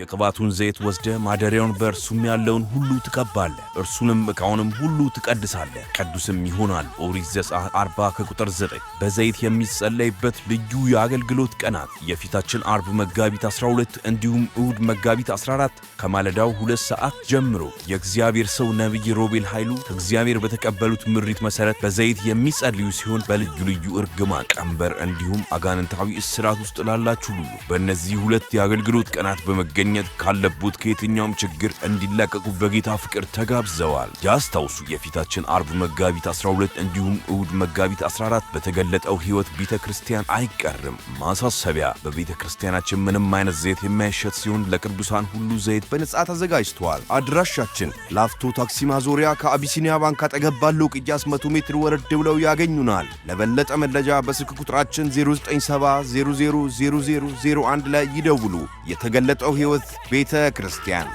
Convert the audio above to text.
የቅባቱን ዘይት ወስደ ማደሪያውን በእርሱም ያለውን ሁሉ ትቀባለ፣ እርሱንም ዕቃውንም ሁሉ ትቀድሳለ ቅዱስም ይሆናል። ኦሪት ዘጸአት 40 ከቁጥር 9። በዘይት የሚጸለይበት ልዩ የአገልግሎት ቀናት የፊታችን አርብ መጋቢት 12 እንዲሁም እሁድ መጋቢት 14 ከማለዳው ሁለት ሰዓት ጀምሮ የእግዚአብሔር ሰው ነቢይ ሮቤል ኃይሉ ከእግዚአብሔር በተቀበሉት ምሪት መሠረት በዘይት የሚጸልዩ ሲሆን በልዩ ልዩ እርግማን፣ ቀንበር እንዲሁም አጋንንታዊ እስራት ውስጥ ላላችሁ ሁሉ በእነዚህ ሁለት የአገልግሎት ቀናት በመገኘ መገኘት ካለቡት ከየትኛውም ችግር እንዲላቀቁ በጌታ ፍቅር ተጋብዘዋል። ያስታውሱ የፊታችን አርብ መጋቢት 12 እንዲሁም እሁድ መጋቢት 14 በተገለጠው ሕይወት ቤተ ክርስቲያን አይቀርም። ማሳሰቢያ፣ በቤተ ክርስቲያናችን ምንም አይነት ዘይት የማይሸት ሲሆን ለቅዱሳን ሁሉ ዘይት በነጻ ተዘጋጅተዋል። አድራሻችን ላፍቶ ታክሲ ማዞሪያ ከአቢሲኒያ ባንክ አጠገብ ባለው ቅያስ 100 ሜትር ወረድ ብለው ያገኙናል። ለበለጠ መረጃ በስልክ ቁጥራችን 0970 ላይ ይደውሉ። የተገለጠው ሕይወት ሕይወት ቤተ ክርስቲያን